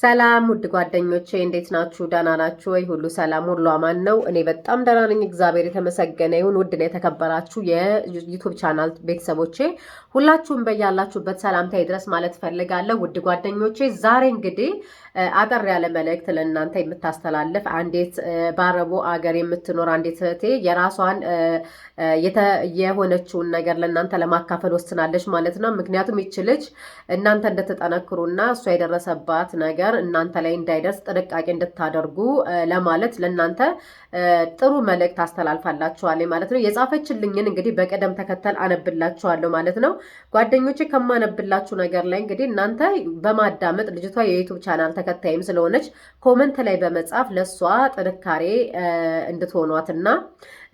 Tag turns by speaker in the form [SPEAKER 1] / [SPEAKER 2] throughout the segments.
[SPEAKER 1] ሰላም ውድ ጓደኞቼ እንዴት ናችሁ? ደህና ናችሁ ወይ? ሁሉ ሰላም፣ ሁሉ አማን ነው። እኔ በጣም ደህና ነኝ፣ እግዚአብሔር የተመሰገነ ይሁን። ውድ ነው የተከበራችሁ የዩቱብ ቻናል ቤተሰቦቼ ሁላችሁም በያላችሁበት ሰላምታ ድረስ ማለት ፈልጋለሁ። ውድ ጓደኞቼ ዛሬ እንግዲህ አጠር ያለ መልእክት ለእናንተ የምታስተላልፍ አንዴት በአረቡ አገር የምትኖር አንዴት እህቴ የራሷን የሆነችውን ነገር ለእናንተ ለማካፈል ወስናለች ማለት ነው። ምክንያቱም ይች ልጅ እናንተ እንደተጠነክሩና እሷ የደረሰባት ነገር ነገር እናንተ ላይ እንዳይደርስ ጥንቃቄ እንድታደርጉ ለማለት ለእናንተ ጥሩ መልእክት አስተላልፋላችኋለሁ ማለት ነው። የጻፈችልኝን እንግዲህ በቅደም ተከተል አነብላችኋለሁ ማለት ነው። ጓደኞቼ ከማነብላችሁ ነገር ላይ እንግዲህ እናንተ በማዳመጥ ልጅቷ የዩቱብ ቻናል ተከታይም ስለሆነች ኮመንት ላይ በመጻፍ ለእሷ ጥንካሬ እንድትሆኗትና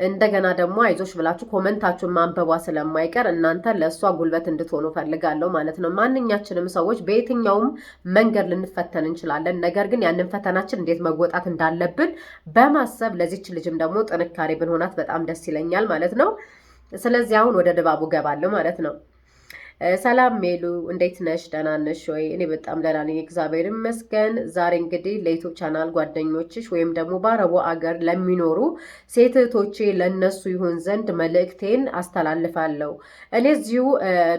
[SPEAKER 1] እንደገና ደግሞ አይዞች ብላችሁ ኮመንታችሁን ማንበቧ ስለማይቀር እናንተ ለእሷ ጉልበት እንድትሆኑ ፈልጋለሁ ማለት ነው። ማንኛችንም ሰዎች በየትኛውም መንገድ ልንፈተን እንችላለን። ነገር ግን ያንን ፈተናችን እንዴት መወጣት እንዳለብን በማሰብ ለዚች ልጅም ደግሞ ጥንካሬ ብንሆናት በጣም ደስ ይለኛል ማለት ነው። ስለዚህ አሁን ወደ ድባቡ ገባለሁ ማለት ነው። ሰላም ሜሉ፣ እንዴት ነሽ? ደህና ነሽ ወይ? እኔ በጣም ደህና ነኝ፣ እግዚአብሔር ይመስገን። ዛሬ እንግዲህ ለዩቱብ ቻናል ጓደኞችሽ ወይም ደግሞ በአረቡ አገር ለሚኖሩ ሴት እህቶቼ ለነሱ ይሆን ዘንድ መልእክቴን አስተላልፋለሁ። እኔ እዚሁ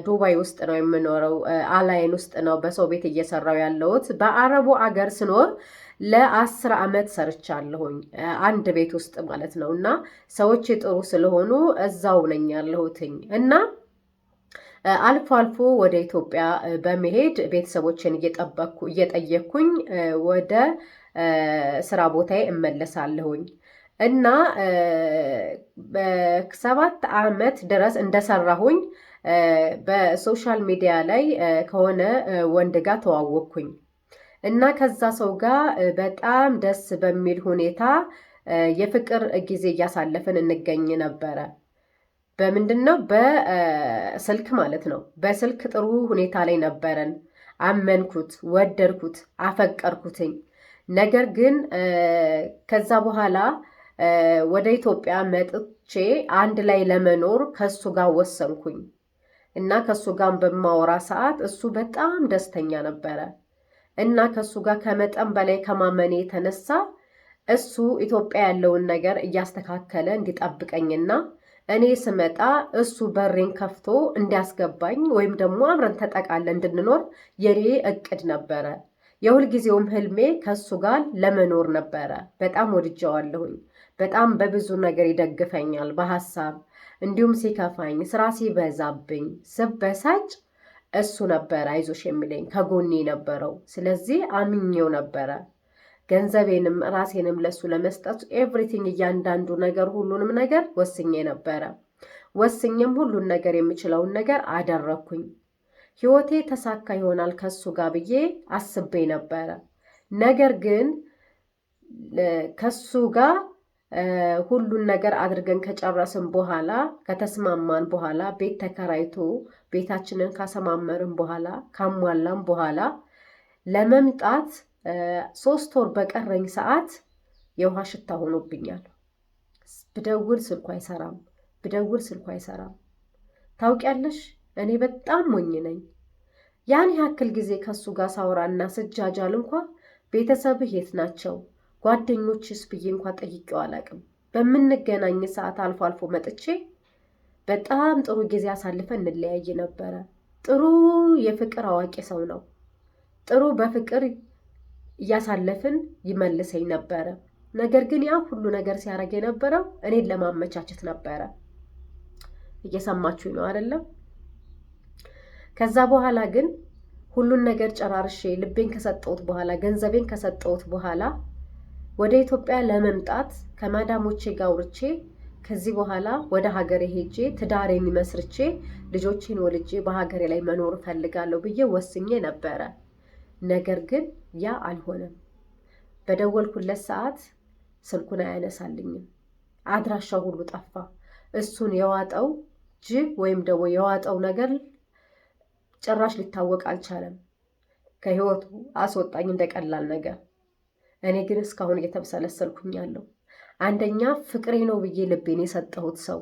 [SPEAKER 1] ዱባይ ውስጥ ነው የምኖረው፣ አላይን ውስጥ ነው በሰው ቤት እየሰራው ያለሁት። በአረቡ አገር ስኖር ለአስር ዓመት ሰርቻለሁኝ አንድ ቤት ውስጥ ማለት ነው። እና ሰዎች ጥሩ ስለሆኑ እዛው ነኝ ያለሁትኝ እና አልፎ አልፎ ወደ ኢትዮጵያ በመሄድ ቤተሰቦችን እየጠየኩኝ ወደ ስራ ቦታዬ እመለሳለሁኝ እና በሰባት አመት ድረስ እንደሰራሁኝ በሶሻል ሚዲያ ላይ ከሆነ ወንድ ጋር ተዋወቅኩኝ እና ከዛ ሰው ጋር በጣም ደስ በሚል ሁኔታ የፍቅር ጊዜ እያሳለፍን እንገኝ ነበረ። በምንድን ነው? በስልክ ማለት ነው። በስልክ ጥሩ ሁኔታ ላይ ነበረን። አመንኩት፣ ወደድኩት፣ አፈቀርኩትኝ። ነገር ግን ከዛ በኋላ ወደ ኢትዮጵያ መጥቼ አንድ ላይ ለመኖር ከሱ ጋር ወሰንኩኝ እና ከሱ ጋር በማወራ ሰዓት እሱ በጣም ደስተኛ ነበረ እና ከሱ ጋር ከመጠን በላይ ከማመኔ የተነሳ እሱ ኢትዮጵያ ያለውን ነገር እያስተካከለ እንዲጠብቀኝና እኔ ስመጣ እሱ በሬን ከፍቶ እንዲያስገባኝ ወይም ደግሞ አብረን ተጠቃለን እንድንኖር የኔ እቅድ ነበረ። የሁልጊዜውም ህልሜ ከእሱ ጋር ለመኖር ነበረ። በጣም ወድጀዋለሁኝ። በጣም በብዙ ነገር ይደግፈኛል በሀሳብ እንዲሁም ሲከፋኝ፣ ስራ ሲበዛብኝ፣ ስበሳጭ እሱ ነበረ አይዞሽ የሚለኝ ከጎኔ ነበረው። ስለዚህ አምኜው ነበረ። ገንዘቤንም ራሴንም ለሱ ለመስጠት ኤቭሪቲንግ እያንዳንዱ ነገር ሁሉንም ነገር ወስኜ ነበረ። ወስኜም ሁሉን ነገር የምችለውን ነገር አደረግኩኝ። ህይወቴ ተሳካ ይሆናል ከሱ ጋር ብዬ አስቤ ነበረ። ነገር ግን ከሱ ጋር ሁሉን ነገር አድርገን ከጨረስን በኋላ ከተስማማን በኋላ ቤት ተከራይቶ ቤታችንን ካሰማመርን በኋላ ካሟላን በኋላ ለመምጣት ሶስት ወር በቀረኝ ሰዓት የውሃ ሽታ ሆኖብኛል። ብደውል ስልኩ አይሰራም፣ ብደውል ስልኩ አይሰራም። ታውቂያለሽ እኔ በጣም ሞኝ ነኝ። ያን ያክል ጊዜ ከሱ ጋር ሳውራና ስጃጃል እንኳ ቤተሰብህ የት ናቸው ጓደኞችስ ብዬ እንኳ ጠይቄው አላቅም። በምንገናኝ ሰዓት አልፎ አልፎ መጥቼ በጣም ጥሩ ጊዜ አሳልፈን እንለያይ ነበረ። ጥሩ የፍቅር አዋቂ ሰው ነው። ጥሩ በፍቅር እያሳለፍን ይመልሰኝ ነበረ። ነገር ግን ያ ሁሉ ነገር ሲያደርግ የነበረው እኔን ለማመቻቸት ነበረ። እየሰማችሁ ነው አይደለም? ከዛ በኋላ ግን ሁሉን ነገር ጨራርሼ ልቤን ከሰጠሁት በኋላ ገንዘቤን ከሰጠሁት በኋላ ወደ ኢትዮጵያ ለመምጣት ከማዳሞቼ ጋር አውርቼ ከዚህ በኋላ ወደ ሀገሬ ሄጄ ትዳሬን መስርቼ ልጆቼን ወልጄ በሀገሬ ላይ መኖር እፈልጋለሁ ብዬ ወስኜ ነበረ። ነገር ግን ያ አልሆነም። በደወልኩለት ሰዓት ስልኩን አያነሳልኝም። አድራሻው ሁሉ ጠፋ። እሱን የዋጠው ጅብ ወይም ደግሞ የዋጠው ነገር ጭራሽ ሊታወቅ አልቻለም። ከህይወቱ አስወጣኝ እንደቀላል ነገር። እኔ ግን እስካሁን እየተብሰለሰልኩኝ ያለው አንደኛ ፍቅሬ ነው ብዬ ልቤን የሰጠሁት ሰው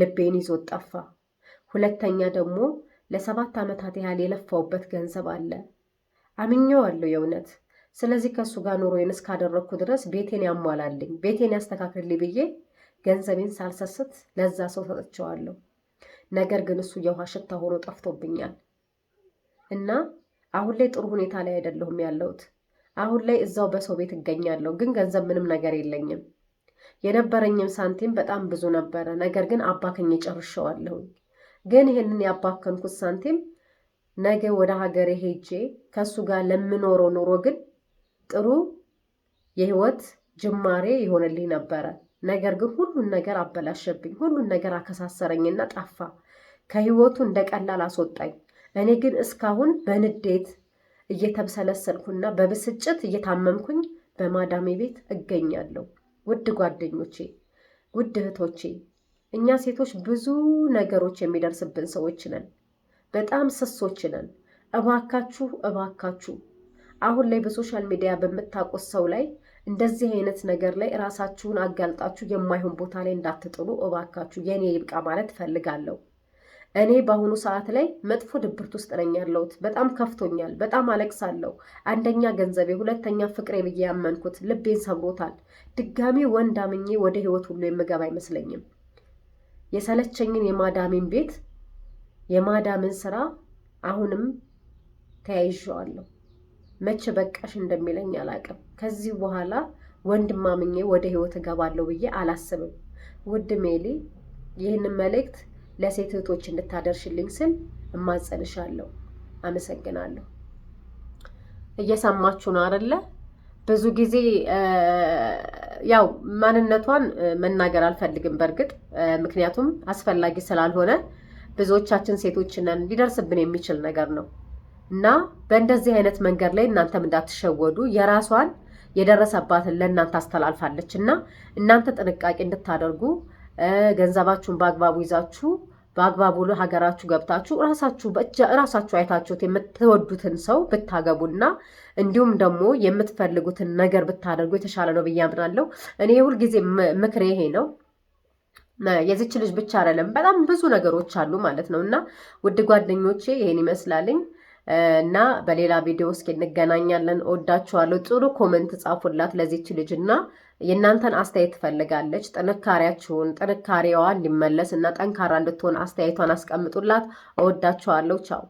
[SPEAKER 1] ልቤን ይዞት ጠፋ። ሁለተኛ ደግሞ ለሰባት ዓመታት ያህል የለፋውበት ገንዘብ አለ አምኜዋለሁ የእውነት። ስለዚህ ከእሱ ጋር ኑሮዬን እስካደረግኩ ድረስ ቤቴን ያሟላልኝ፣ ቤቴን ያስተካክልልኝ ብዬ ገንዘቤን ሳልሰስት ለዛ ሰው ሰጥቼዋለሁ። ነገር ግን እሱ የውሃ ሽታ ሆኖ ጠፍቶብኛል እና አሁን ላይ ጥሩ ሁኔታ ላይ አይደለሁም ያለሁት። አሁን ላይ እዛው በሰው ቤት እገኛለሁ፣ ግን ገንዘብ ምንም ነገር የለኝም። የነበረኝም ሳንቲም በጣም ብዙ ነበረ፣ ነገር ግን አባከኝ ጨርሼዋለሁ። ግን ይህንን ያባከንኩት ሳንቲም ነገ ወደ ሀገሬ ሄጄ ከእሱ ጋር ለምኖረው ኑሮ ግን ጥሩ የህይወት ጅማሬ ይሆንልኝ ነበረ። ነገር ግን ሁሉን ነገር አበላሸብኝ፣ ሁሉን ነገር አከሳሰረኝና ጠፋ። ከህይወቱ እንደ ቀላል አስወጣኝ። እኔ ግን እስካሁን በንዴት እየተብሰለሰልኩና በብስጭት እየታመምኩኝ በማዳሜ ቤት እገኛለሁ። ውድ ጓደኞቼ፣ ውድ እህቶቼ፣ እኛ ሴቶች ብዙ ነገሮች የሚደርስብን ሰዎች ነን። በጣም ስሶች ነን። እባካችሁ እባካችሁ አሁን ላይ በሶሻል ሚዲያ በምታውቁት ሰው ላይ እንደዚህ አይነት ነገር ላይ ራሳችሁን አጋልጣችሁ የማይሆን ቦታ ላይ እንዳትጥሉ እባካችሁ። የእኔ ይብቃ ማለት ፈልጋለሁ። እኔ በአሁኑ ሰዓት ላይ መጥፎ ድብርት ውስጥ ነኝ ያለሁት። በጣም ከፍቶኛል። በጣም አለቅሳለሁ። አንደኛ ገንዘቤ፣ ሁለተኛ ፍቅሬ ብዬ ያመንኩት ልቤን ሰብሮታል። ድጋሚ ወንድ አምኜ ወደ ህይወት ሁሉ የምገባ አይመስለኝም። የሰለቸኝን የማዳሜን ቤት የማዳምን ስራ አሁንም ተያይዤዋለሁ። መቼ በቃሽ እንደሚለኝ አላቅም። ከዚህ በኋላ ወንድም ወደ ህይወት እገባለሁ ብዬ አላስብም። ውድ ሜሊ፣ ይህንን መልእክት ለሴት እህቶች እንድታደርሽልኝ ስል እማጸንሻለሁ። አመሰግናለሁ። እየሰማችሁ ነው አደለ? ብዙ ጊዜ ያው ማንነቷን መናገር አልፈልግም በእርግጥ ምክንያቱም አስፈላጊ ስላልሆነ ብዙዎቻችን ሴቶች ነን ሊደርስብን የሚችል ነገር ነው እና በእንደዚህ አይነት መንገድ ላይ እናንተም እንዳትሸወዱ የራሷን የደረሰባትን ለእናንተ አስተላልፋለች እና እናንተ ጥንቃቄ እንድታደርጉ ገንዘባችሁን በአግባቡ ይዛችሁ በአግባቡ ሀገራችሁ ገብታችሁ ራሳችሁ ራሳችሁ አይታችሁት የምትወዱትን ሰው ብታገቡና እንዲሁም ደግሞ የምትፈልጉትን ነገር ብታደርጉ የተሻለ ነው ብዬ አምናለሁ። እኔ ሁልጊዜ ምክሬ ይሄ ነው። የዚች ልጅ ብቻ አይደለም፣ በጣም ብዙ ነገሮች አሉ ማለት ነው። እና ውድ ጓደኞቼ ይሄን ይመስላልኝ እና በሌላ ቪዲዮ ውስጥ እንገናኛለን። ወዳችኋለሁ። ጥሩ ኮመንት ጻፉላት ለዚች ልጅ እና የእናንተን አስተያየት ትፈልጋለች። ጥንካሬያችሁን፣ ጥንካሬዋ ሊመለስ እና ጠንካራ እንድትሆን አስተያየቷን አስቀምጡላት። እወዳችኋለሁ። ቻው